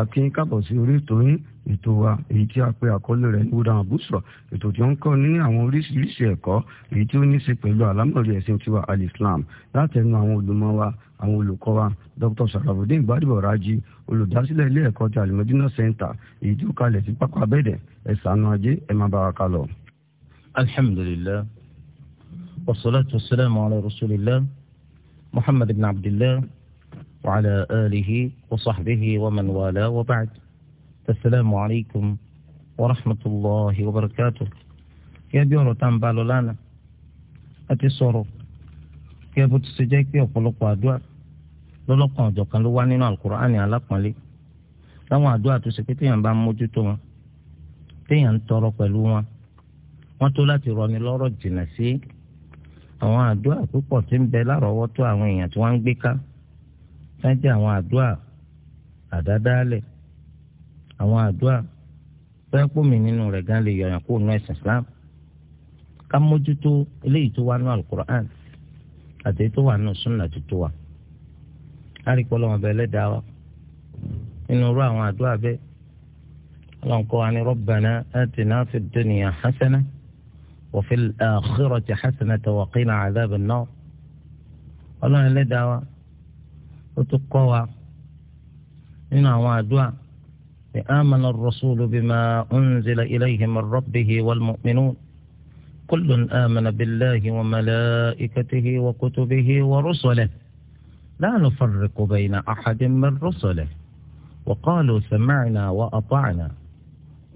akí ń kábọ̀ sí orí ètò yín ètò wa èyí tí a pe àkọlé rẹ̀ ní wúdà àbúsọ̀ ètò tí ó ń kọ́ ní àwọn oríṣiríṣi ẹ̀kọ́ èyí tí ó ní í ṣe pẹ̀lú àlámọ̀rí ẹ̀sìn tiwa alislam látẹnu àwọn olùmọ̀ wa àwọn olùkọ́ wa dr sarafudin gbadebo raji olùdásílẹ̀ ilé ẹ̀kọ́ ti alimọ̀dínà center èyí tí ó kalẹ̀ sí pápá abẹ́dẹ̀ ẹ̀sánú ajé ẹ̀ má bàa ká lọ. alhamdulilayi wasalaatu wasalaamu ala rasulillah muhammad bin abdillah. وعلى آله وصحبه ومن والاه وبعد السلام عليكم ورحمة الله وبركاته يا بيورو تنبالو لنا أتي صورو يا بوت سجاك يا قلوك وادوا lọ́lọ́kan ọ̀jọ̀kan ló wá nínú alukur'ani alápọ̀nlé láwọn àdúrà tó ṣe pé téèyàn bá ń mójútó wọn téèyàn ń tọrọ pẹ̀lú wọn wọ́n tó láti rọni lọ́rọ̀ jìnnà sí àwọn àdúrà púpọ̀ tí ń bẹ lárọ̀ọ́wọ́tó àwọn èèyàn tí wọ́n ń gbé ká sájà àwọn àdúrà àdádálẹ̀ àwọn àdúrà bẹ́ẹ̀ pọ̀ mí nínú rẹ̀ gan lè yọ̀yàn kó nu ẹ̀sìn Islam ká mójútó eléyìí tó wà nù alukur'an àti èyí tó wà nù sunna tó tó wà àríkọ́ lọ́wọ́n bẹ́ẹ̀ lẹ́dàá wa nínú irú àwọn àdúrà bẹ́ẹ̀ ọlọ́nkọ́ wa ni rabbana atina fid dunya hasana wa fil akhirati hasana wa qina adhaban nar ọlọ́run lẹ́dàá wa. ó tún kọ́ wa nínú àwọn àdúrà ní amana ar-rasulu bima unzila ilayhi min rabbihi wal mu'minun kullun amana billahi wa malaikatihi wa kutubihi wa rusulihi la nufarriqu bayna ahadin min rusulihi wa qalu sami'na wa ata'na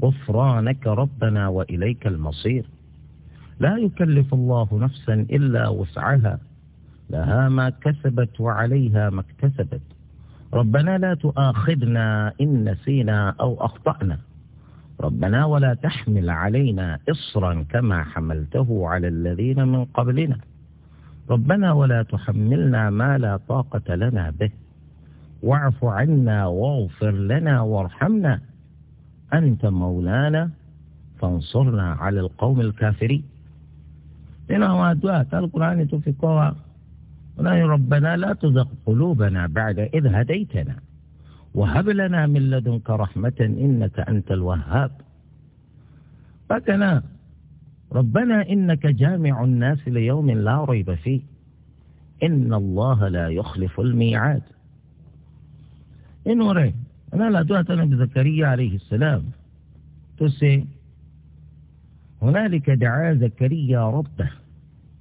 غفرانك ربنا وإليك المصير لا يكلف الله نفسا إلا وسعها لها ما كسبت وعليها ما اكتسبت ربنا لا تؤاخذنا إن نسينا أو أخطأنا ربنا ولا تحمل علينا إصرا كما حملته على الذين من قبلنا ربنا ولا تحملنا ما لا طاقة لنا به واعف عنا واغفر لنا وارحمنا أنت مولانا فانصرنا على القوم الكافرين nínú àwọn القرآن tálùkùránì tó ولكن ربنا لا تزغ قلوبنا بعد إذ هديتنا وهب لنا من لدنك رحمة إنك أنت الوهاب فكنا ربنا إنك جامع الناس ليوم لا ريب فيه إن الله لا يخلف الميعاد إن وري أنا لا دعتنا بزكريا عليه السلام تسي هنالك دعا زكريا ربه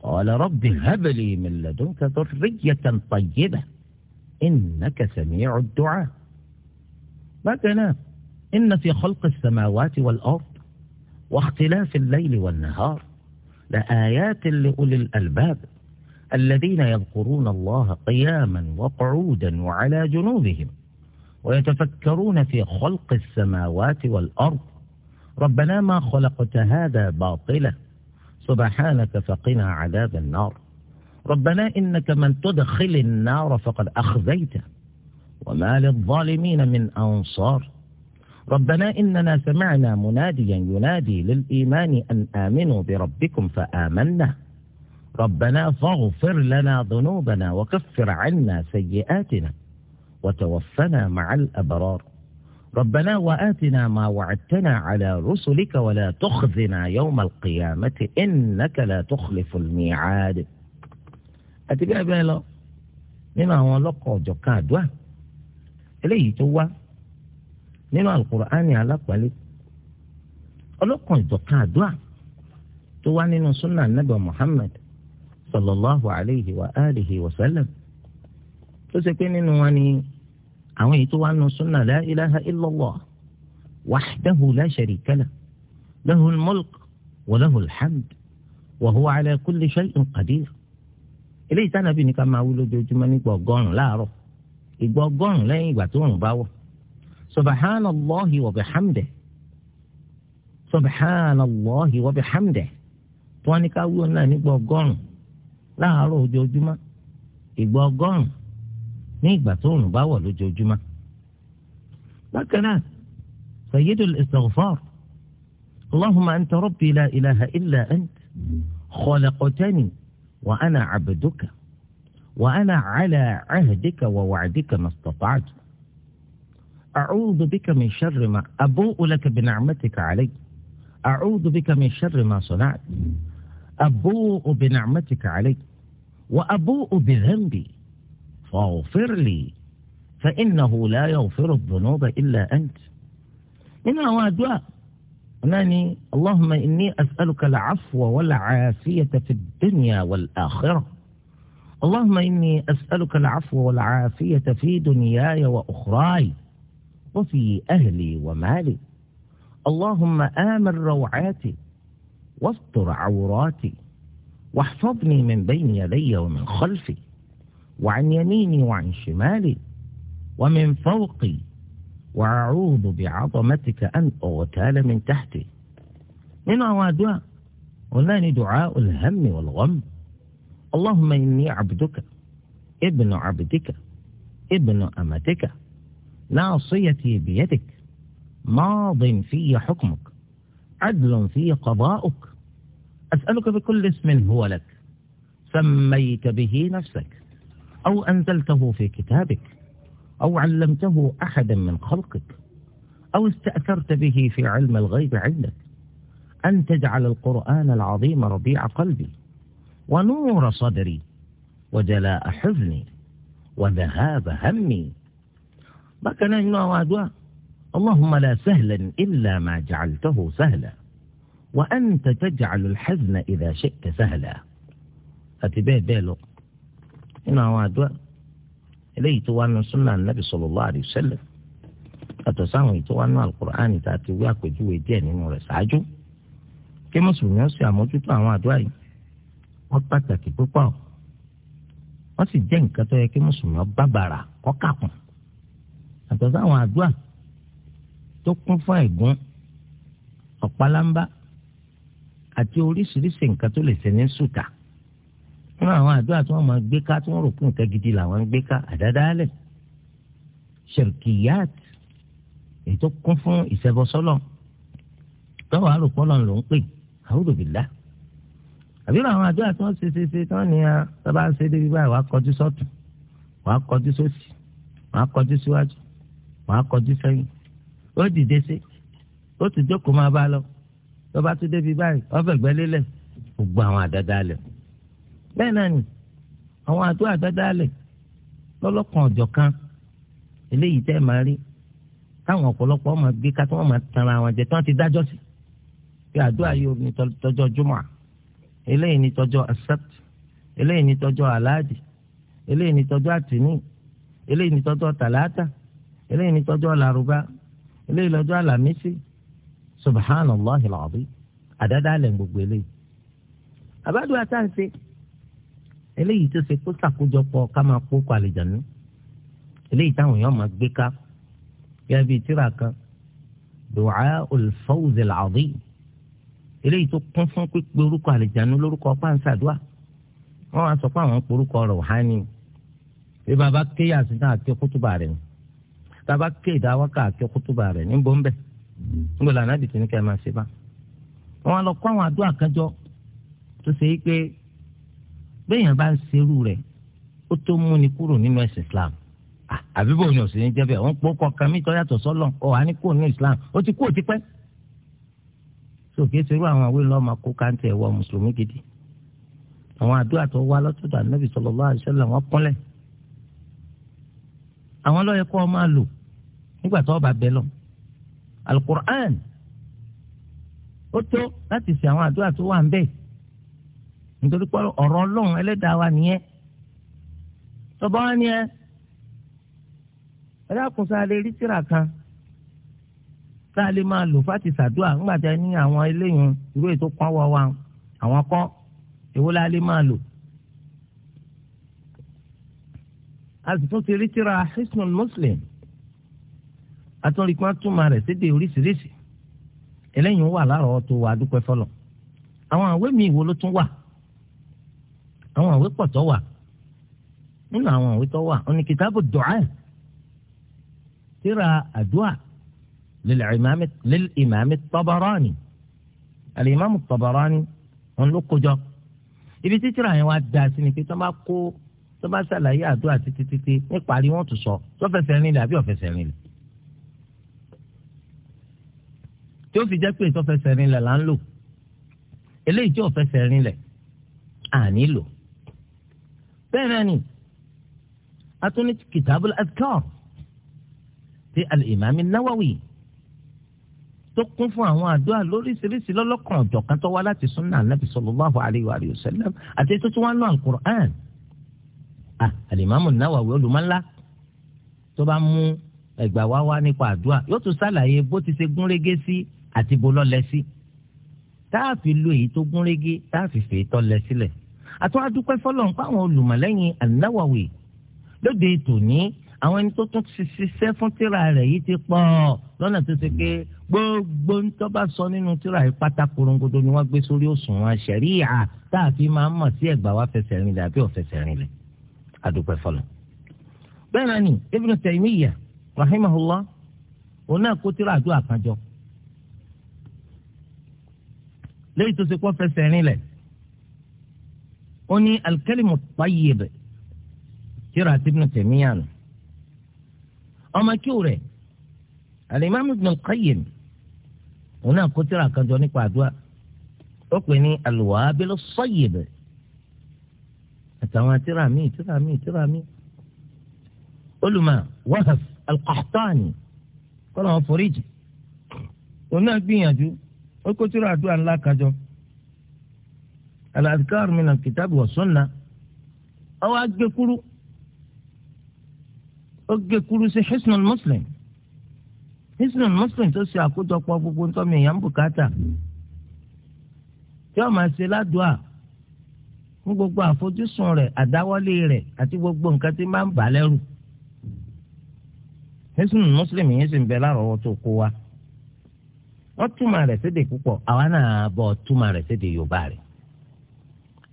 قال رب هب لي من لدنك ذرية طيبة إنك سميع الدعاء بكنا إن في خلق السماوات والأرض واختلاف الليل والنهار لآيات لأولي الألباب الذين يذكرون الله قياما وقعودا وعلى جنوبهم ويتفكرون في خلق السماوات والأرض ربنا ما خلقت هذا باطلا سبحانك فقنا عذاب النار ربنا إنك من تدخل النار فقد أخزيته وما للظالمين من أنصار ربنا إننا سمعنا مناديا ينادي للإيمان أن آمنوا بربكم فآمنا ربنا فاغفر لنا ذنوبنا وكفر عنا سيئاتنا وتوفنا مع الأبرار ربنا وآتنا ما وعدتنا على رسلك ولا تخزنا يوم القيامة إنك لا تخلف الميعاد àti bẹ́ẹ̀ bẹ́ẹ̀ lọ nínú àwọn ọlọ́kọ̀ ọ̀jọ̀kan àdúrà eléyìí tó wá nínú alukur'ani alápàlẹ́ ọlọ́kọ̀ ọ̀jọ̀kan àdúrà tó wá nínú sunna nabi muhammad sallallahu alayhi wa alihi wa sallam tó ṣe pé nínú wa ni àwọn èyí tó wà nù súnà la ilaha illallah wahdahu la sharika lah lahul mulk wa lahul hamd wa huwa ala kulli shay'in qadir eléyìí tánàbí ni ká máa wí lójoojúmọ́ nípa ọgọ́rùn-ún láàárọ̀ ìgbà ọgọ́rùn-ún lẹ́yìn ìgbà tó ń bá wọ̀ subhanallahi wa bihamdihi tí wọ́n ní ká wí ọ̀nà nípa ọgọ́rùn-ún láàárọ̀ ojoojúmọ́ ìgbà ọgọ́rùn-ún ní ìgbà tó òòrùn bá wọ̀ lójoojúmọ́. bákan náà sayidu sayyidul istighfar allahumma anta rabbi la ilaha illa ant khalaqtani wa ana abduka wa ana ala ahdika wa wa'dika mastata'tu a'udhu bika min sharri ma abu'u laka bi ni'matika alayya أعوذ بك من شر ما صنعت أبوء بنعمتك علي وأبوء بذنبي فاغفر لي فإنه لا يغفر الذنوب إلا أنت من أوادع أنني اللهم إني أسألك العفو والعافية في الدنيا والآخرة اللهم إني أسألك العفو والعافية في دنياي وأخراي وفي أهلي ومالي اللهم آمن روعاتي واستر عوراتي واحفظني من بين يدي ومن خلفي وعن يميني وعن شمالي ومن فوقي وأعوذ بعظمتك أن أغتال من تحتي من أوادها هناني دعاء الهم والغم اللهم إني عبدك ابن عبدك ابن أمتك ناصيتي بيدك ماض في حكمك عدل في قضاؤك أسألك بكل اسم هو لك سميت به نفسك أو أنزلته في كتابك أو علمته أحدا من خلقك أو استأثرت به في علم الغيب عندك أن تجعل القرآن العظيم ربيع قلبي ونور صدري وجلاء حزني وذهاب همي بكنا إنه وادوا اللهم لا سهلا إلا ما جعلته سهلا وأنت تجعل الحزن إذا شئت سهلا أتبه بيلو nínú àwọn àdúrà eléyìí tó wá nu súnà nàbì sallallahu alaihi wasallam yàtọ̀ sáwọn èyí tó wá nu alukur'ani tá a ti wí àpèjúwe díẹ̀ nínú rẹ̀ ṣáájú kí mùsùlùmí ó sì àmójútó àwọn àdúrà yìí wọ́n pàtàkì púpọ̀ wọ́n sì jẹ́ nǹkan tó yẹ kí mùsùlùmí ó bàbàrà kọ́kàkùn yàtọ̀ sáwọn àdúrà tó kún fún ẹ̀gún ọ̀pálámbá àti oríṣiríṣi nǹkan tó lè ṣe ní sùtà nínú àwọn àdúrà tí wọ́n máa gbé ká tí wọ́n rò kún ìtẹ́ gidi làwọn ń gbé ká àdádálẹ̀ ṣèrkìyàt èyí tó kún fún ìṣẹ́bọsọ́lọ̀ tọ́wọ́ àròpọ́lọ̀ ló ń pè àwùjọ bìlá àbí àwọn àdúrà tí wọ́n ṣe ṣe ṣe tí wọ́n ní a ah, bá ṣe débi báyìí wàá kọjú sọ́tún wàá kọjú sósì wàá kọjú síwájú wàá kọjú sẹ́yìn ó dìde sí ó ti jókòó máa bá lọ tó débi báyìí ọ fẹ̀gbẹ́ lélẹ̀ gbogbo àwọn àdádálẹ̀ bẹ́ẹ̀ náà ni àwọn àdó àdádálẹ̀ lọ́lọ́kan ọ̀jọ̀kan eléyìí tẹ́ máa rí táwọn ọ̀pọ̀lọpọ̀ máa gbé ká tí wọ́n máa tanra àwọn jẹ tí wọ́n ti dájọ́ sí pé àdó ayé ni tọjọ́ jùmọ̀ eléyìí ni tọjọ́ accept eléyìí ni tọjọ́ aláàdì eléyìí ni tọjọ́ àtìní eléyìí ni tọjọ́ tàlátà eléyìí ni tọjọ́ làrúbá eléyìí lọ́jọ́ àlàmísì subhanallah alazim àdádálẹ̀ gbogbo eléyìí àbádùn àtàǹsẹ̀ eléyìí tó ṣe kó ṣàkójọpọ̀ ká máa kó kọ àlìjànú eléyìí táwọn èèyàn máa gbé ká gẹ́gẹ́ bíi tíra kan du'a al-fawz al-azim eléyìí tó kún fún pípé orúkọ àlìjànú lórúkọ pàǹsàdúà wọn wá sọ pé àwọn porúkọ rọhánì bí baba ké yàtúntà àti kútùbà rẹ baba ké ìdáwọ́kà àti kútùbà rẹ níbo ń bẹ níbo lànà bìtì máa ṣe bá wọn lọ kó àwọn àdúrà kan tó ṣe é pé bẹ́ẹ̀yàn bá ń serú rẹ̀ ó tó mú ni kúrò nínú ẹ̀sìn islam àbí bò ní òsì ní jẹ́ bẹ́ẹ̀ wọ́n pọ̀ kọ̀ọ̀kan mi tọ́ yàtọ̀ sọ́lọ̀ ọ̀ á ní kúrò ní islam ó ti kúrò tipẹ́ sòkè serú àwọn àwé lọ́ọ́ máa kó káńtì ẹ̀wọ̀ mùsùlùmí gidi àwọn àdúrà tó wá lọ́tọ̀dọ̀ ànábì sallallahu alaihi wasallam wọ́n kúnlẹ̀ àwọn lọ́yẹ kọ́ máa lò nígbà tó bá bẹ lọ alukur'an ó tó láti ṣe àwọn àdúrà tó wà ń bẹ́ẹ̀ nítorí pé ọ̀rọ̀ ọlọ́run ẹlẹ́dàá wa nìyẹn tọ́ba wa ni ẹ ẹlẹ́kùnsá lè rí tírà kan tá a lè máa lò fáti ṣàdúrà ńgbà tí a ní àwọn eléyìí irú ètò kan wá wa àwọn kọ́ èwo la lè máa lò. a ti rí tírà Hisnul Muslim atúnrikún atúmọ̀ rẹ̀ sédè oríṣiríṣi eléyìí wà lárọ̀ọ́ tó wà dúpẹ́ fọlọ̀ àwọn àwé mi ìwo ló tún wà àwọn ìwé pọ̀ tó wà nínú àwọn ìwé tó wà òní kìtàbù du'a tíra àdúà lil imam at-Tabarani al-imam at-Tabarani wọn ló kójọ ibi títí ra yẹn wá da sí ni pé tó bá kó tó bá ṣàlàyé àdúrà títí títí níparí wọn tún sọ tó fẹsẹ̀ rìn lẹ̀ àbí ọ̀fẹsẹ̀ rìn lẹ̀. tí ó fi jẹ́ pé tó fẹsẹ̀ rìn lẹ̀ là ń lò eléyìí tí ọ̀fẹsẹ̀ rìn lẹ̀ à nílò bẹ́ẹ̀ náà ni atúní kìtàbùl adkar ti al-Imam Nawawi tó kún fún àwọn àdúrà lóríṣiríṣi lọ́lọ́kan ọ̀jọ̀kan tó wá láti sunna anabi sallallahu alayhi wa sallam àti tó tún wá lọ al-Qur'an ah al-Imam Nawawi olùmọ̀lá tó bá mú ẹgbà wá wá nípa àdúrà yóò tún ṣàlàyé bó ti ṣe gúnrégé sí àti bó lọ́lẹ̀ sí táàfin lu èyí tó gúnrégé táàfin fèé tọ́lẹ̀ sílẹ̀ àtúwá dúpẹ́ fọlọ́n pa àwọn olùmọ̀lẹ́yìn anáwọ̀wé lóde tòní àwọn ẹni tó tún ṣiṣẹ́ fún tíra rẹ̀ yìí ti pọ̀ lọ́nà tó ṣe pé gbogbo ń tó bá sọ nínú tíra yìí pátá korongodo ni wọ́n gbé sórí òṣùwọ̀n ṣẹ̀ríyà tá a fi máa ń mọ̀ sí ẹ̀gbà wa fẹsẹ̀ rìn lẹ̀ àbí ọ̀fẹsẹ̀ rìn lẹ̀ adúpẹ́ fọlọ́n. bẹ́ẹ̀ náà ni Ibn Taymiyyah rahimahullah òun náà kó tíra àdúrà kan jọ lẹ́yìn tó ṣe pọ́ fẹsẹ̀ rìn lẹ̀ ó ní alikẹ́lìmù tayyib tíra àti ibn Taymiyyah nù ọmọ kí o rẹ̀ alimami ibn Qayyim òun náà kó tíra kan jọ nípa àdúrà ó pè ní alwabil sayyib àtàwọn tíra míì tíra míì tíra míì olùmọ̀ Wahf al-Qahtani kọ́ ló ń foríjì òun náà gbìyànjú ó kó tíra àdúrà ńlá kan jọ. ala adhkar min al-kitab wa sunnah ọwọ́ agbẹ́kúrú ó gẹ́kúrú sí hisnul muslim hisnul muslim tó ṣe àkójọpọ̀ gbogbo ntọ́mi èèyàn bùkátà tí wọ́n máa ṣe ládùúà fún gbogbo àfojúsùn rẹ àdáwọ́lé rẹ àti gbogbo nǹkan tí máa ń bà lẹ́rù hisnul muslim yẹn sì ń bẹ tó kó wa sédè àwa náà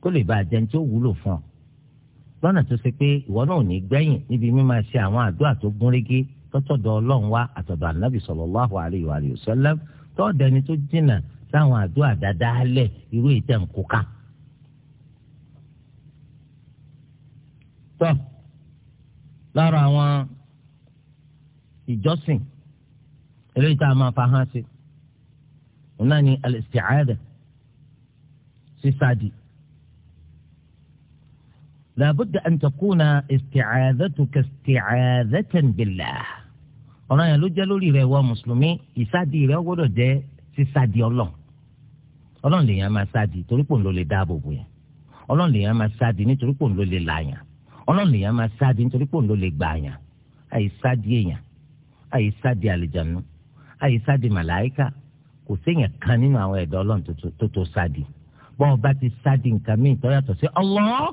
kó lè bá àjẹn tó wúlò fún ọ lọ́nà tó ṣe pé ìwọ náà ò ní gbẹ̀yìn níbi mímọ ṣe àwọn àdúrà tó gúnrégé tọ́tọ̀dọ̀ ọlọ́run wá àtọ̀dọ̀ ànábì sallallahu alaihi wa sallam tọ́ọ̀dẹni tó jìnnà sáwọn àdúrà dáadáa lẹ̀ irú ìtẹ̀ ń kóká. tọ́ lára àwọn ìjọsìn eléyìí tá máa fa hàn sí òun náà ni al-isti'ada sísáàdì. Si لابد أن تكون استعاذتك استعاذة بالله ọ̀ràn yẹn ló jẹ́ lórí rẹ̀ wọ mùsùlùmí ìsádi rẹ̀ gbọ́dọ̀ jẹ́ sísádi ọlọ́run ọlọ́run lèèyàn máa sádi torí pòun ló lè dáàbò bò yẹn ọlọ́run lèèyàn máa sádi nítorí pòun ló lè làyàn ọlọ́run lèèyàn máa sádi nítorí pòun ló lè gbàyàn àyísádi èèyàn àyísádi àlìjànú àyísádi màláìka kò séèyàn kan nínú àwọn ẹ̀dọ́ ọlọ́run tó tó sádi bọ́n ọba ti sádi nǹkan míì tó yàtọ̀ sí ọlọ́run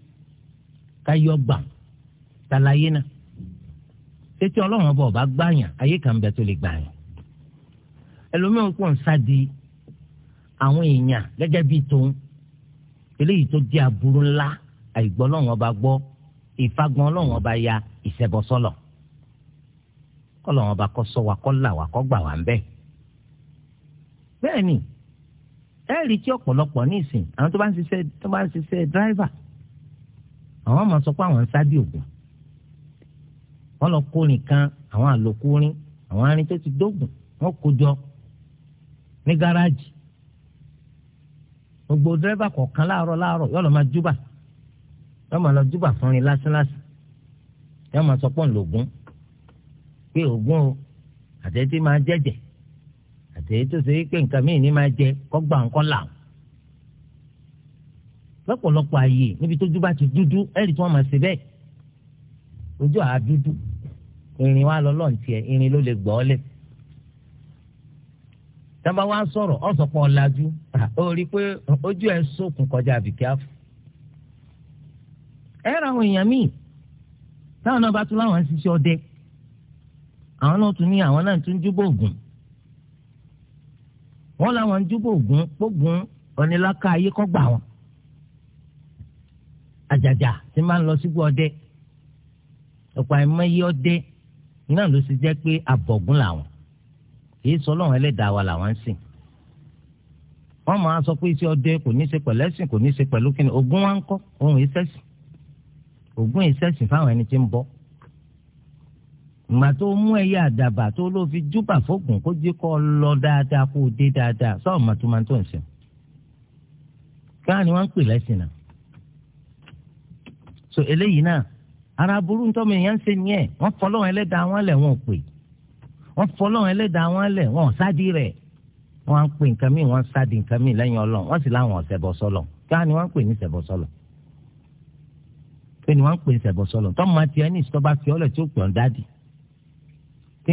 káyọ gbà tàlàyé náà tètè ọlọ́run ọba ọba gbàyàn ayé kan bẹ tó lè gbàyàn ẹlòmíràn kò ń sádi àwọn èèyàn gẹ́gẹ́ bíi tòun eléyìí tó di aburú ńlá àìgbọ́ ọlọ́run ọba gbọ́ ìfagbọ́n ọlọ́run ọba ya ìṣẹ̀bọ̀sọ́lọ̀ kọ́lọ́run ọba kọ́ sọ wa kọ́ là wa kọ́ gbà wá ń bẹ̀ bẹ́ẹ̀ ni ẹ̀rí tí ọ̀pọ̀lọpọ̀ ní ìsìn àwọn tó bá ń ṣiṣẹ́ tó bá ń ṣiṣẹ́ dráìvà àwọn máa sọ pé àwọn ń sádì ògùn wọn lọ kórin kan àwọn àlòkù orin àwọn arin tó ti dógùn wọn kó jọ ní gáràjì gbogbo dírẹ́bà kọ̀ọ̀kan láàárọ̀ láàárọ̀ yóò lọ máa júbà yóò máa lọ júbà fúnrin lásánlásán yóò máa sọ pé ńlògún pé ògún o àtẹ̀yẹ́ tí máa jẹ́jẹ̀ àtẹ̀yẹ́ tó ṣe é nǹkan míì máa jẹ kọ́gbà ńkọ́ làwọn lọ́pọ̀lọpọ̀ ààyè níbi tójú bá ti dúdú ẹ̀rí tí wọ́n máa ṣe bẹ́ẹ̀ ojú àá dúdú irin wa lọ lọ́n tiẹ̀ irin ló lè gbọ́ lẹ̀ tábà wá sọ̀rọ̀ ọ̀sọ̀pọ̀ ọ̀làjú ah, ó rí pé ojú ẹ̀ sókun kọjá àbíkíáfù ẹ àwọn èèyàn míì táwọn náà bá tún láwọn ṣiṣẹ́ ọdẹ àwọn náà tún àjàjà tí máa ń lọ sígbó ọdẹ ọ̀pọ̀ àìmọye ọdẹ iná ló sì jẹ́ pé abọ̀gún làwọn kìí sọ ọlọ́run ẹlẹ́dàá wa làwọn ń sìn wọ́n máa sọ pé iṣẹ́ ọdẹ kò ní í ṣe pẹ̀lú ẹ̀sìn kò ní í ṣe pẹ̀lú kíni ogun wa ń kọ́ ohun ìṣẹ́sìn ogun ìṣẹ́sìn fáwọn ẹni tí ń bọ́ ìgbà tó mú ẹyẹ àdàbà tó ló fi júbà fóògùn kó jẹ́ kó lọ dáadáa kó dé dáadáa sọ́ọ̀mà ń sìn káà ni wọ́n ń pè lẹ́sìn náà so eléyìí náà ara burú ntọ́mọ èèyàn ń ṣe nìyẹn wọ́n fọlọ́wọn ẹlẹ́dàá wọn lẹ̀ wọn ò pè wọ́n fọlọ́wọn ẹlẹ́dàá wọn lẹ̀ wọn ò sáàdì rẹ̀ wọ́n á ń pè nǹkan míì wọ́n ń sáàdì nǹkan míì lẹ́yìn ọlọ́run wọ́n sì láwọn ọ̀sẹ̀ bọ̀ sọlọ káà ni wọ́n ń pè ní sẹ̀bọ̀ sọlọ ni wọ́n ń pè ní sẹ̀bọ̀ sọlọ tọ́mọ àti ẹni ìsọ́ bá fi ọlẹ̀ tí ó pè ọ́n dádì tí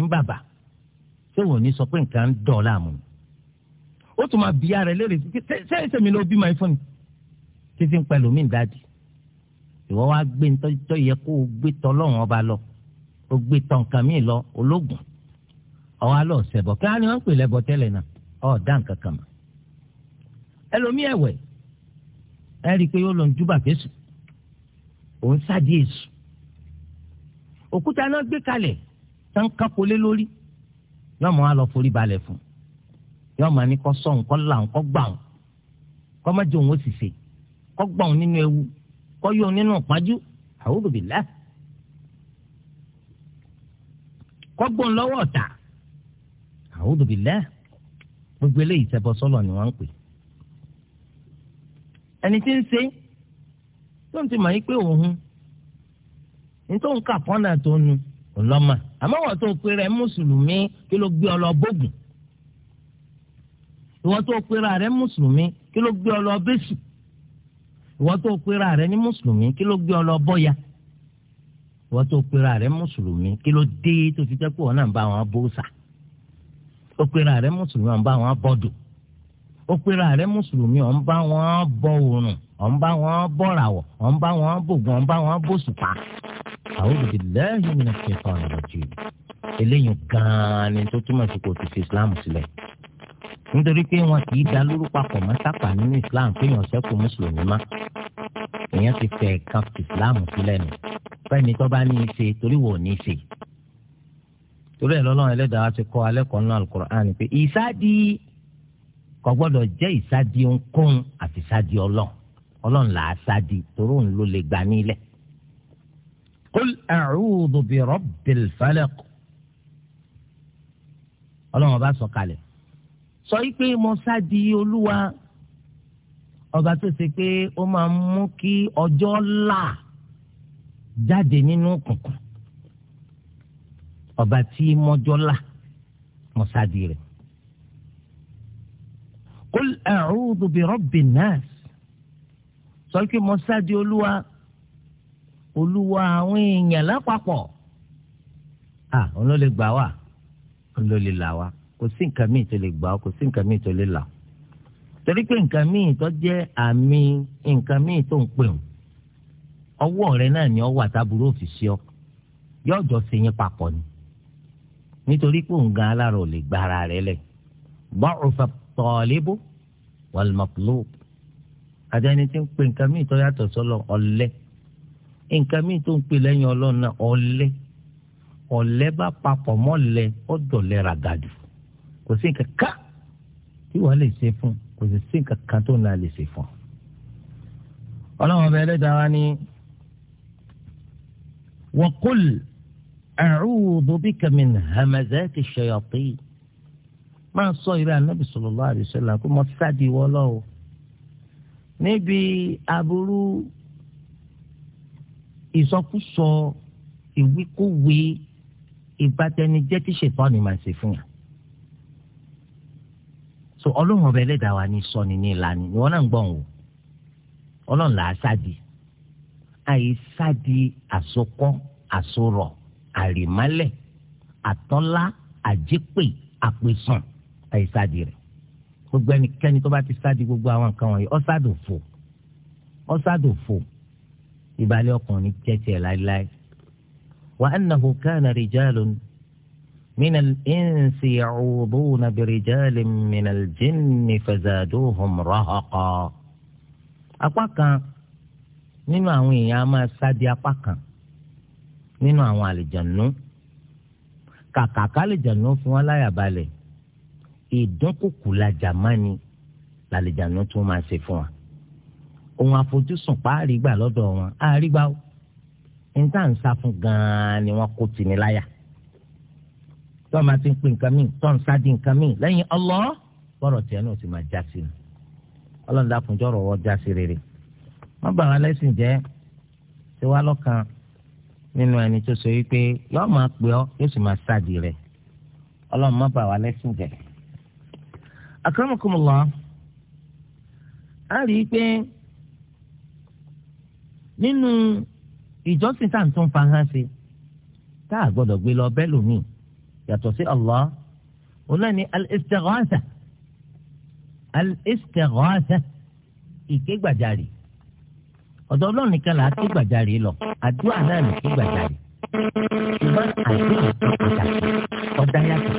ń pẹ́ ṣé wọ́n ní sọ pé nǹkan ń dọ̀ láàmú ni ó tún máa bí ara ẹ lérè ṣé ẹsẹ̀ mi ló bí máa fún ni títí ń pẹ̀lú mi dáàdì ìwọ wá gbé tọ́ yẹ kó o gbé tọ́ lọ́rùn ọba lọ o gbé tọ́ nǹkan mi lọ ológun ọwọ́ alọ́ ṣẹ̀bọ̀ kí wọ́n á ní wọ́n ń pè lẹ́bọ̀ tẹ́lẹ̀ náà ọ̀ dá nǹkan kan mọ́ ẹlòmí ẹ̀wẹ̀ ẹ rí i pé yóò lọ júbà fésù òun sáàdì òkúta náà gbé kalẹ̀ tán kápolé lórí yóò máa lọ forí balẹ̀ fún yóò máa ní kọ́ sọ̀n kọ́ là ń kọ́ gbà ń kọ́ má jẹ́ òun ó sì ṣe kọ́ gbà ń nínú ewu kọ́ yọ òun nínú ìpájú a'udhu billah kọ́ gbọ́n lọ́wọ́ ọ̀tá a'udhu billah gbogbo eléyìí ṣẹbọ sọ́lọ̀ ni wọ́n ń pè ẹni tí ń ṣe tó ń ti mọ̀ yí pé òun ní tó ń kà fọ́nà tó nu ọlọ́mà àmọ́ wọ́n tó pe rẹ̀ mùsùlùmí kí ló gbé ọ lọ bógun ìwọ tó pe ra rẹ̀ mùsùlùmí kí ló gbé ọ lọ bẹ́sù ìwọ tó pe ra rẹ̀ ní mùsùlùmí kí ló gbé ọ lọ bọ́ya ìwọ tó pe ra rẹ̀ mùsùlùmí kí ló dé tó fi jẹ́ pé wọn náà ń bá wọn bó sà ó pe rẹ̀ mùsùlùmí wọn bá wọn bọ́dọ̀ ó pe rẹ̀ mùsùlùmí wọn bá wọn bọ òrùn wọn bá wọn bọ̀ràwọ̀ wọn bá wọn bògùn wọn bá wọn bòṣùpá a'udhu billahi minash shaitani rajim eléyìí gan-an ni tó túmọ̀ sí kò ti fi islam sílẹ̀ nítorí pé wọn kì í da lóru papọ̀ nínú islam pé èèyàn sẹ́kù mùsùlùmí má èèyàn ti fẹ́ kan fi islam sílẹ̀ nù fẹ́ni tó bá ní í ṣe torí wò ní í ṣe torí ẹ̀ lọ́lọ́run ẹlẹ́dàá ti kọ́ alẹ́ kan náà alukur'an pé ìsádi kò gbọ́dọ̀ jẹ́ ìsádi ohunkóhun àfi ìsádi ọlọ́run ọlọ́run là sádi torí òun ló lè gbà nílẹ̀ a'udhu bi rabbil falaq ọlọ́run ọba sọ kalẹ̀ sọ yìí pé mo sáàdì olúwa ọba tó ṣe pé ó máa ń mú kí ọjọ́ là jáde nínú òkùnkùn ọba tí mọ́jọ́ là mo sáàdì rẹ̀ qul a'udhu bi rabbin nas sọ yìí pé mo sáàdì olúwa olúwa àwọn èèyàn lápapọ̀ ah òun ló lè gbà wá òun ló lè là wá kò sí nǹkan míì tó lè gbà ó kò sí nǹkan míì tó lè là torí pé nǹkan míì tó jẹ́ àmì nǹkan míì tó ń pè ó ọwọ́ rẹ náà ni ọwọ́ àtàbúrò fi ṣe ọ yóò jọ ṣe yín papọ̀ ni nítorí pé òǹgà alára ò lè gba ara rẹ lẹ̀ ba'ufa at-talibu wal-matlub àti ẹni tí ń pè nǹkan míì tó yàtọ̀ sọ́lọ́ ọ̀lẹ́ nǹkan míì tó ń pè lẹ́yìn ọlọ́run náà ọ̀lẹ́ ọ̀lẹ́ bá papọ̀ mọ́lẹ́ ọ̀dọ̀lẹ́ ràgàdù kò sí nǹkan ká tí wọ́n lè ṣe fún kò sì sí nǹkan kan tó náà lè ṣe fún. ọlọ́run ọba ẹlẹ́dàá wa ni wa qul a'udhu bika min hamazati shayatin máa sọ ìrẹ́ anábì sallallahu alaihi wasallam kó mọ́ sáàdì lọ́wọ́ níbi aburú ìsọkúsọ ìwíkúwí ìbátẹnijẹ́ tí ṣètọ́ni máa ń ṣe fún yàn. so ọlọ́run ọba ẹlẹ́dàá wa ní sọ́ni ní ìlànà ìwọ náà ń gbọ̀n o ọlọ́run là á sádi àìsádi àsokọ́ àsorọ̀ àrìmálẹ̀ àtọ́lá àjẹpè àpèsàn àìsádi rẹ̀ gbogbo ẹnikẹ́ni tó bá ti sádi gbogbo àwọn nǹkan wọ̀nyí ọ́sádòfò ọ́sádòfò ìbálẹ̀ ọkùnrin jẹ́ tiẹ̀ láéláé. wa annahu kana rijalun min al-insi ya'uduna bi rijalin min al-jinni fazaduhum rahaqa. apá kan nínú àwọn èèyàn a máa sáde apá kan nínú àwọn àlìjànú kàkà kálìjànú fún wọn láyà balẹ̀ ìdúnkùkù lajà làlìjànú tún máa ṣe fún wa òun àfojúsùn páàrí gbà lọ́dọ̀ wọn àárí gbà ó ní tá à ń sá fún gan-an ni wọ́n kó tì ní láyà tó máa ti ń pè nǹkan míì tó ń sáàdì nǹkan míì lẹ́yìn Allah bọ́rọ̀ tiẹ̀ náà ti máa já sí i ọlọ́run dákunjọ́ rọ̀ wọ́n já sí rere má bà wá lẹ́sìn jẹ́ ṣé wá lọ́kàn nínú ẹni tó sọ wípé yọ́ọ́ máa pè ọ́ yóò sì máa sáàdì rẹ̀ ọlọ́run má bà wá lẹ́sìn jẹ́. akramakumullah á rí i pé nínú ìjọsìn tá à ń tún fa hàn sí tá a gbọ́dọ̀ gbé lọ bẹ́ẹ̀ lómi yàtọ̀ sí Allah olóòní al-istighatha al-istighatha ìkégbàjarì ọ̀dọ̀ ọlọ́run nìkan là á ké gbàjarì lọ àdúrà náà ní ké gbàjarì ṣùgbọ́n àìsí ìtàn pàtàkì ọ̀dà yàtọ̀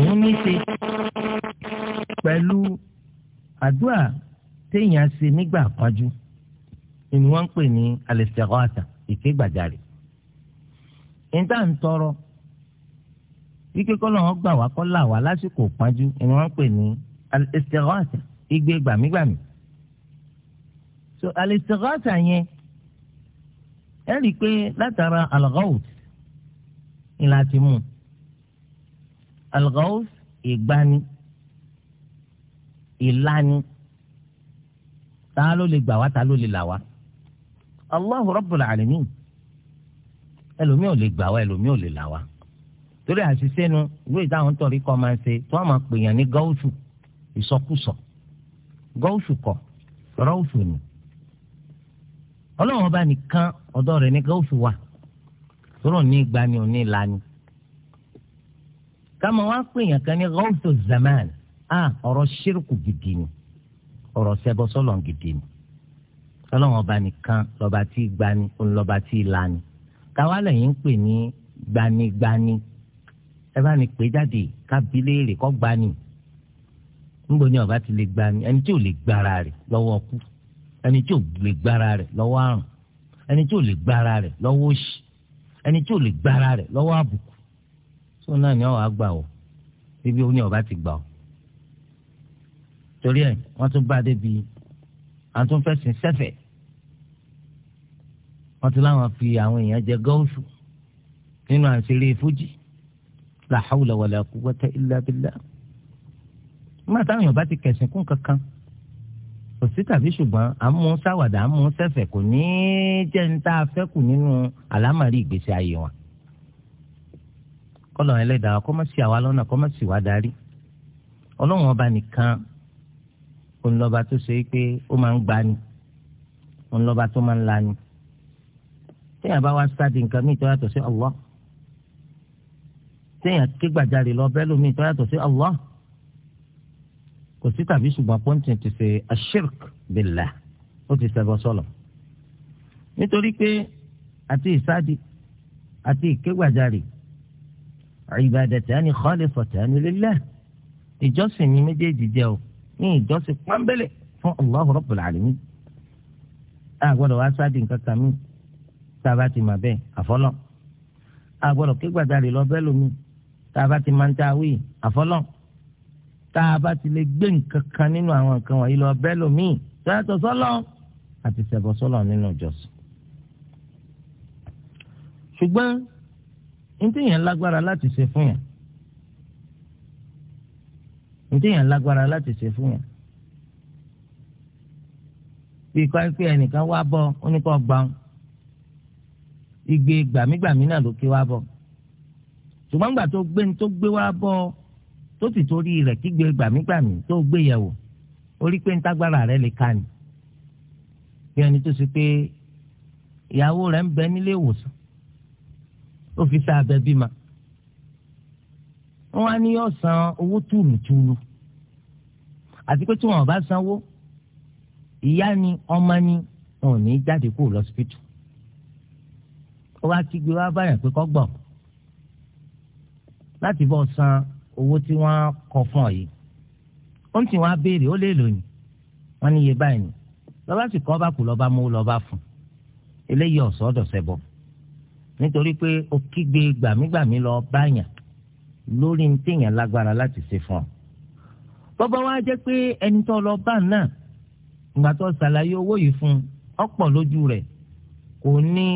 òun ní ṣe pẹ̀lú àdúrà téèyàn ṣe nígbà kanjú ni wọ́n ń pè ní al-istighatha ìkégbàjarè níta ń tọrọ wípé kọ́lọ́ wọn gbà wá kọ́ là wá lásìkò pọ́njú ni wọ́n ń pè ní al igbe gbàmígbàmí so al-istighatha yẹn ẹ rí i pé látara al-ghawth ni láti mú al-ghawth ìgbani ìlani ta ló lè gbà wá ta ló lè là wá. Allahu Rabbul Alamin ẹlòmíì ò lè gbà wá ẹlòmíì ò lè là wá torí àṣìṣe nu ìwé ìdáhùn tọ̀rí kọ́ máa ń ṣe tí wọ́n máa pè yàn ní gọ́ọ̀sù ìsọkúsọ gọ́ọ̀sù kọ rọ́ọ̀sù nù ọlọ́run ọba nìkan ọ̀dọ́ rẹ̀ ní gọ́ọ̀sù wà tóró ní ìgbà ni òní ìlà ni káma wá pè yàn kan ní gọ́ọ̀sù zaman a ah, ọ̀rọ̀ ṣírùkù gidi ni ọ̀rọ̀ sẹ́bọ̀sọ́lọ̀ gidi ni ọlọ́run ọba nìkan lọ́ba tí gbani òun lọ́ba tí lani káwá lẹ́yìn ń pè ní gbanigbani ẹ bá ní pé jáde kábíléèrè kọ́ gbani níbo ni ọba ti lè gbani ẹni tí ò lè gbára rẹ̀ lọ́wọ́ ọkú ẹni tí ò lè gbára rẹ̀ lọ́wọ́ àrùn ẹni tí ò lè gbára rẹ̀ lọ́wọ́ òṣì ẹni tí ò lè gbára rẹ̀ lọ́wọ́ àbùkù tó náà ni ọ̀hà gbà ọ́ bíbí ó ní ọba ti gbà ọ́ torí ẹ̀ wọ́n tún bá débi à ń tún fẹ́ sìn sẹ́fẹ̀ wọ́n ti láwọn fi àwọn èèyàn jẹ gọ́ọ̀sù nínú àṣírí fújì la hawla wala quwwata illa billah nígbà táwọn èèyàn bá ti kẹ̀sìn kún kankan kò sí tàbí ṣùgbọ́n àmú sáwàdà àmú sẹ́fẹ̀ kò ní í jẹ́ ní tá a fẹ́ kù nínú àlámàrí ìgbésí ayé wọn. kọ́lọ̀ ẹlẹ́dàá kọ́mọ́sí àwa lọ́nà kọ́mọ́sí wa darí ọlọ́run ọba nìkan ònlọba tó ṣe pé ó máa ń gbani ònlọba tó máa ń lani téèyàn bá wá sáde nǹkan míì tó yàtọ̀ sí Allah téèyàn ké gbàjarè lọ bẹ́ẹ̀ lómi tó yàtọ̀ sí Allah kò sí tàbí ṣùgbọ́n pọ́ńtì ti ṣe ashirk billah ó ti ṣẹbọ sọlọ nítorí pé àti ìsáde àti ìké gbàjarè ibadatani khalisatani lillah ìjọsìn ni méjèèjì jẹ́ o ní ìjọsìn pọ́nbélé fún Allahu Rabbul Alamin. a gbọ́dọ̀ wá sáàdì nǹkan kan mí tá a bá ti mà bẹ́ẹ̀ àfọlọ́ a gbọ́dọ̀ ké gbàjarè lọ bẹ́ẹ̀ lómi tá a bá ti máa ń ta wí àfọlọ́ tá a bá ti lè gbé nǹkan kan nínú àwọn nǹkan wọ̀nyí lọ bẹ́ẹ̀ lómi tó yàtọ̀ sọ́lọ́ àti ṣẹbọ sọ́lọ́ nínú ìjọsìn. ṣùgbọ́n ní tí yẹn lágbára láti ṣe fún yẹn ǹjẹ́ yẹn lágbára láti ṣe fún yẹn bí kọ́ ẹ pé ẹnìkan wá bọ́ oníkọ́ gbọ́n igbe gbàmígbàmí náà ló ké wá bọ̀ ṣùgbọ́n gbà tó gbé tó gbé wá bọ́ tó sì torí rẹ̀ kígbe gbàmígbàmí tó gbé yẹ̀ wò orí pé ntágbára rẹ̀ lè ka ni bí ẹni tó ṣe pé ìyàwó rẹ̀ ń bẹ nílé ìwòsàn ó fi sáà bẹ bímọ wọn á ní yóò san owó túlùtúlù àti pé tí wọn bá sanwó ìyá ni ọmọ ni wọn ò ní jáde kúrò lọ́sibítù ó wá kígbe wá báyàn pé kọ́ láti bọ́ san owó tí wọ́n kọ fún ọ yìí ó ń tì wọ́n á béèrè ó lè lò ní wọ́n ní iye báyìí ni lọ́ba sì kọ́ bá kù lọ́ba mú lọ́ba fún eléyìí ọ̀sọ́ ọ̀dọ̀sẹ̀ bọ̀ nítorí pé ó kígbe gbàmígbàmí lọ báyàn lórí ní téèyàn lágbára láti ṣe fún ọ. bọ́bá wa jẹ́ pé ẹni tó lọ bá náà ìgbà tó ṣàlàyé owó yìí fún ọ̀pọ̀ lójú rẹ̀ kò ní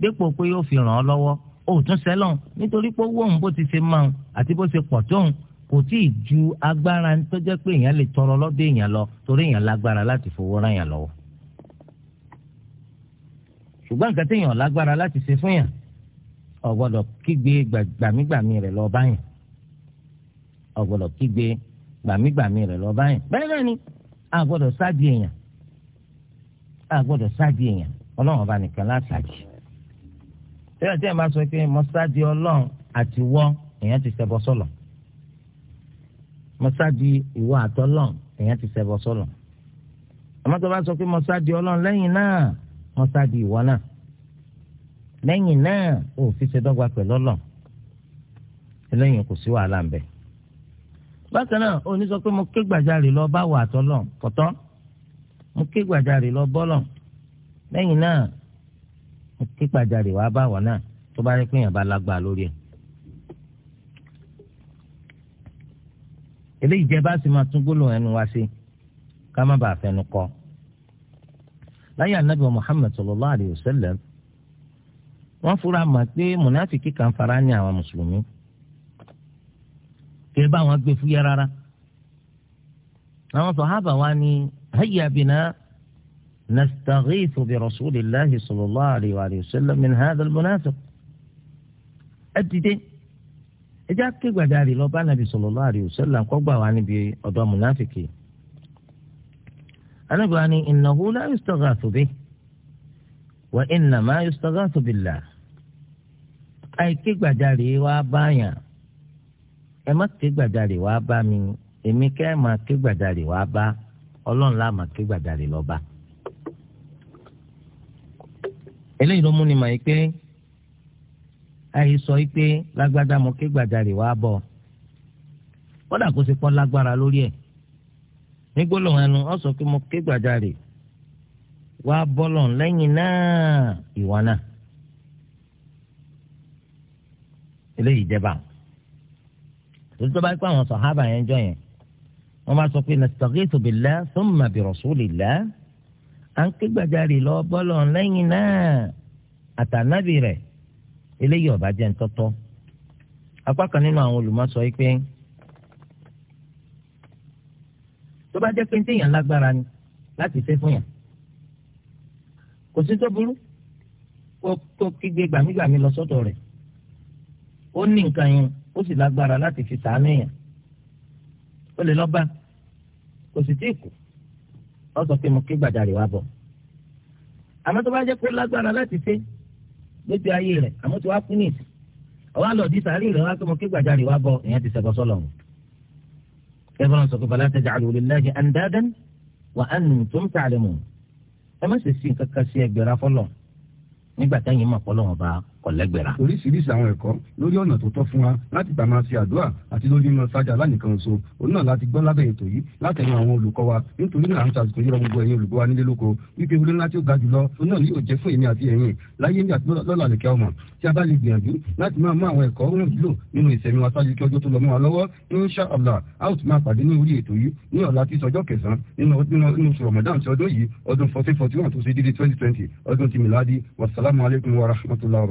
dépò pé yóò fi ràn ọ́ lọ́wọ́ ó tún sẹ́lọ̀n nítorí pé owó òun bó ti ṣe máa àti bó ṣe pọ̀ tóun kò tí ì ju agbára tó jẹ́ pé èèyàn lè tọrọ lọ́dọ̀ èèyàn lọ torí èèyàn lágbára láti fowó ráyàn lọ́wọ́ ṣùgbọ́n nǹkan téèyàn lágbára láti ṣe fún yàn ọ̀gbọ́dọ̀ kígbe gbàmígbàmí rẹ̀ lọ báyìí ọ̀gbọ́dọ̀ kígbe gbàmígbàmí rẹ̀ lọ báyìí bẹ́ẹ̀ náà ni àgbọ́dọ̀ sáàdì èèyàn àgbọ́dọ̀ sáàdì èèyàn ọlọ́run bá nìkan láṣàjì tẹ́lẹ̀ tẹ́lẹ̀ máa sọ pé mo sáàdì ọlọ́run àti wọ́ èèyàn ti ṣẹbọ sọ̀lọ̀ mo sáàdì ìwọ àtọ́lọ́run èèyàn ti ṣẹbọ sọ̀lọ̀ àmọ́ tó bá sọ pé mo sáàdì ọlọ́run lẹ́yìn náà mo ìwọ náà lẹ́yìn náà ò fi ṣe dọ́gba pẹ̀lú ọlọ́run eléyìí kò sí wàhálà ń bẹ. bákan náà ó ní sọ pé mo ké gbàjarè lọ bá wà àtọ́lọ̀ kọ̀tọ́ mo ké gbàjarè lọ bọ́lọ̀ lẹ́yìn náà mo ké gbàjarè wá bá wà náà tó bá rí pé èèyàn bá lágbára lórí ẹ̀. eléyìí jẹ́ bá sì máa tún gbólóhùn ẹnu wa sí ká má bàa fẹnu kọ. láyé anábìyàn Muhammad sallallahu alayhi wa sallam wọ́n fura mọ̀ pé mùnáfíkì kan fara ní àwọn mùsùlùmí kí ẹ bá wọn gbé fúyẹ́ rárá àwọn sọ̀hábà wa ni hayya bina nastaghithu bi rasulillahi sallallahu alayhi wa sallam min hadha al-munafiq ẹ dìde ẹ já ké gbàdárì lọ bá nàbì sallallahu alayhi wa sallam gbà wá níbi ọ̀dọ̀ mùnáfíkì anábìwá ni innahu la yustaghathu bihi wa innama yustaghathu àìké gbàjarè wá báyà ẹ má ké gbàjarè wá bá mi èmi kẹ́ ma máa ké gbàjarè wá bá ọlọ́run ma máa ké lọ bá. eléyìí ló mú ni mà pé àyè sọ pé lágbádá mo ké gbàjarè wá bọ̀ kódà kó ṣe pọ́ lágbára lórí ẹ̀ nígbólóhùn ẹnu ọ sọ pé mo ké eléyìí jẹba tó tó bá pẹ́ àwọn sàhábà yẹn jọ yẹn wọ́n bá sọ pé nastaghiithu billah thumma bi rasulillah à ń ké gbàjarì lọ bọ́lọ̀ lẹ́yìn náà àtànábì rẹ̀ eléyìí ọ̀bá jẹ́ ńtọ́tọ́ apá kan nínú àwọn olùmọ̀ sọ pé tó bá jẹ́ pé téèyàn lágbára ni láti fẹ́ fún yàn kò sí tó burú kó kígbe gbàmígbàmí lọ sọ́dọ̀ rẹ̀ ó ní nǹkan yẹn ó sì lágbára láti fi sàánú yẹn ó lè lọ́ba kò sì tí ì kù ó sọ pé mo ké gbàjarè wá bọ̀ àmọ́ tó bá jẹ́ pé lágbára láti ṣe lójú ayé rẹ̀ àmọ́ tó wá kú ní ìsìn ọwọ́ àlọ́ọ̀dì sàárì rẹ̀ wá pé mo ké gbàjarè wá bọ̀ ìyẹn ti sẹ́kọ̀ sọ́lọ̀ wọn. ẹ̀fọn sọ pé fala taj'alu lillahi andadan wa antum ta'lamun ẹ má sì sí nǹkan kan sí ẹgbẹ̀rún afọ́lọ̀ nígbà táyìn mọ̀ kọ̀lẹ́gbẹ̀ra. oríṣiríṣi àwọn ẹ̀kọ́ lórí ọ̀nà tó tọ́ fún wa láti gbà máa ṣe àdúrà àti lórí iná sájà lánìkan so òun náà láti gbọ́ lábẹ́ ètò yìí látẹnu àwọn olùkọ́ wa nítorí náà à ń ṣàṣìkò yíra gbogbo ẹ̀yin olùkọ́ wa nílé lóko wípé orí ńlá tí ó ga jùlọ òun náà ni yóò jẹ́ fún èmi àti ẹ̀yin láyé ní àti lọ́la lè kẹ́ ọmọ tí a bá lè gbìyànjú láti máa mú àwọn ẹ̀kọ́ wọn lò nínú ìsẹ̀mí wa sáájú kí ọjọ́ tó lọ mọ́ wa lọ́wọ́ insha Allah a ó tún máa pàdé ní orí ètò yìí ní ọ̀la tí sọjọ́ kẹsàn-án nínú oṣù Ramadan ti ọdún yìí ọdún fourteen forty one tó ṣe dídí twenty twenty ọdún ti miladi wasalaamualeykum wa rahmatulah